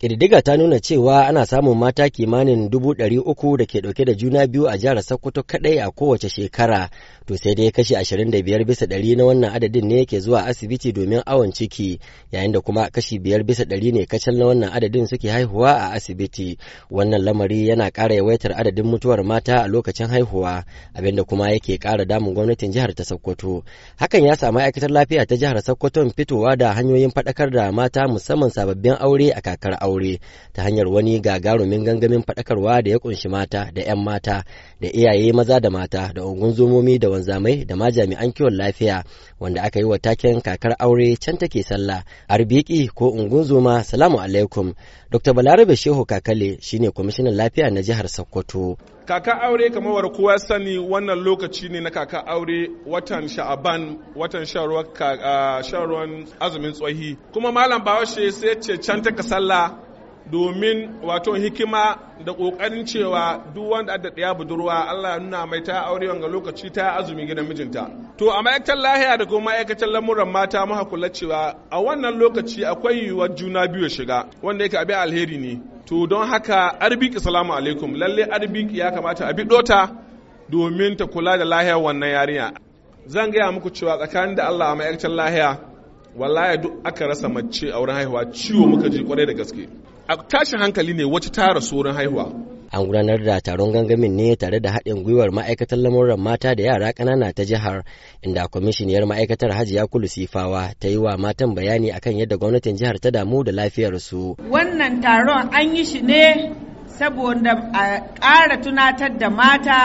Ƙididdiga ta nuna cewa ana samun mata kimanin dubu ɗari uku da ke ɗauke da juna biyu a jihar Sokoto kaɗai a kowace shekara, to sai dai kashi ashirin da biyar bisa ɗari na wannan adadin ne ke zuwa asibiti domin awon ciki, yayin da kuma kashi biyar bisa ɗari ne kacal na wannan adadin suke haihuwa a asibiti. Wannan lamari yana ƙara yawaitar adadin mutuwar mata a lokacin haihuwa, abin da kuma yake ƙara damun gwamnatin jihar ta Sokoto. Hakan ya sa aikatar lafiya ta jihar Sokoto fitowa da hanyoyin faɗakar da mata musamman sababbin aure a kakar aure ta hanyar wani gagarumin gangamin faɗakarwa da ya kunshi mata da 'yan mata da iyaye maza da mata da ungun da wanzamai da ma jami'an kiwon lafiya wanda aka yi wa taken kakar aure can take sallah arbiki ko ungun salamu alaikum dr balarabe shehu kakale shine kwamishinan lafiya na jihar sokoto kaka aure kamar war kowa sani wannan lokaci ne na kaka aure watan sha'aban watan sharuwan ah, azumin tsohi kuma malam bawashe sai ce can ta sallah domin wato hikima da ƙoƙarin cewa duk wanda da ɗaya budurwa Allah ya nuna mai ta aure wanga lokaci ta azumi gidan mijinta. To a ma'aikatar lahiya da kuma ma'aikatar lamuran mata muka kula cewa a wannan lokaci akwai yiwuwar juna biyu ya shiga wanda yake abin alheri ne. To don haka arbiki salamu alaikum lalle arbiki ya kamata a biɗota domin ta kula da lahiyar wannan yarinya. Zan gaya muku cewa tsakanin da Allah a ma'aikatar lahiya wallahi duk aka rasa mace a wurin haihuwa ciwo muka ji kwarai da gaske a tashin hankali ne wacce ta rasu wurin haihuwa an gudanar da taron gangamin ne tare da haɗin gwiwar ma'aikatar lamuran mata da yara ƙanana ta jihar inda kwamishiniyar ma'aikatar hajiya kulu sifawa ta yi wa matan bayani akan yadda gwamnatin jihar ta damu da lafiyarsu wannan taron an yi shi ne saboda a ƙara tunatar da mata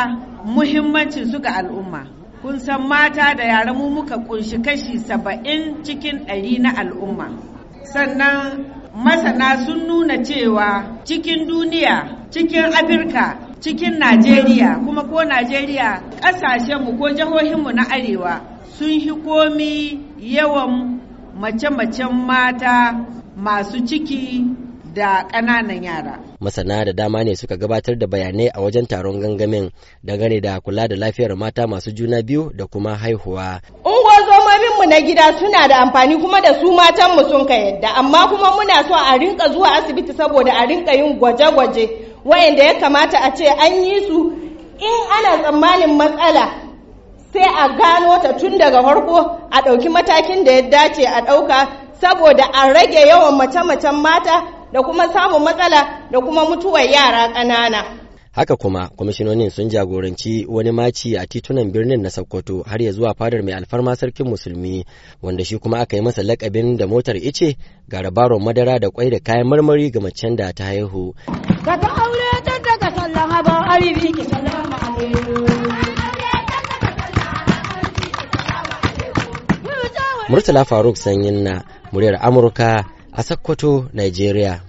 muhimmancin su ga al'umma kun san mata da yara mu muka kunshi kashi saba'in cikin ɗari na al'umma sannan masana sun nuna cewa cikin duniya cikin afirka cikin najeriya kuma ko najeriya ƙasashenmu ko jihohinmu na arewa sun hi komi yawan mace-macen mata masu ciki da ƙananan yara. Masana da dama ne suka gabatar da bayanai a wajen taron gangamin dangane da kula da lafiyar mata masu juna biyu da kuma haihuwa. mu na gida suna da amfani kuma da su matanmu sun ka yadda amma kuma muna so a rinka zuwa asibiti saboda a rinka yin gwaje-gwaje wayanda ya kamata a ce an yi su in ana tsammanin matsala sai a gano ta tun daga farko a ɗauki matakin da ya dace a ɗauka saboda a rage yawan mace-macen mata da kuma samun matsala da kuma mutuwar yara ƙanana. Haka kuma kwamishinonin sun jagoranci wani maci a titunan birnin na Sokoto har ya zuwa fadar mai alfarma sarkin musulmi wanda shi kuma aka yi masa lakabin da motar ice ga rabaron madara da kwai da kayan marmari ga macen da ta haihu. Murtala Faruk Sanyin na muryar Amurka a Sokoto, Nigeria.